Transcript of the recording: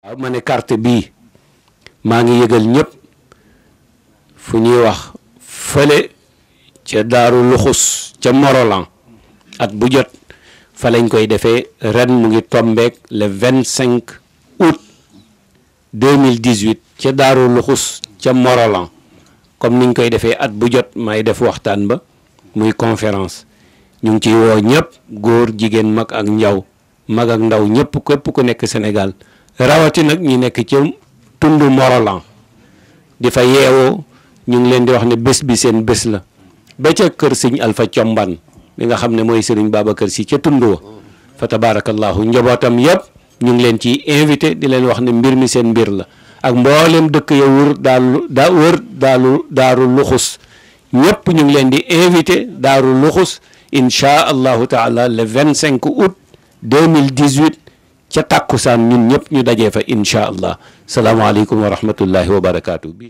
waaw ne carte bii maa ngi yëgal ñëpp fu ñuy wax fële ca daaru luxus ca Morolan at bu jot fa lañ koy defee ren mu ngi tombeek le vingt cinq août ca daaru luxus ca Morolan comme niñ koy defee at bu jot may def waxtaan ba muy conférence ñu ngi ciy woo ñëpp góor jigéen mag ak njaw mag ak ndaw ñëpp képp ku nekk Sénégal rawati nag ñi nekk ci tund Morolan di fa yeewoo ñu ngi leen di wax ne bés bi seen bés la ba ca kër siñ Alpha Comban li nga xam ne mooy sëriñ Babacar si ca tund wa fa tabaarakallaahu njabootam yëpp ñu ngi leen ci invité di leen wax ne mbir mi seen mbir la ak mbooleen dëkk ya wër daalu daa wër daalu daaru luxus ñëpp ñu ngi leen di invité daaru luxus inchaa allahu taala le vingt cinq août deux mille dix huit ca tàkkusaan ñun ñëpp ñu dajee fa incha allah salaamaaleykum wa rahmatullahi wa barakaatu.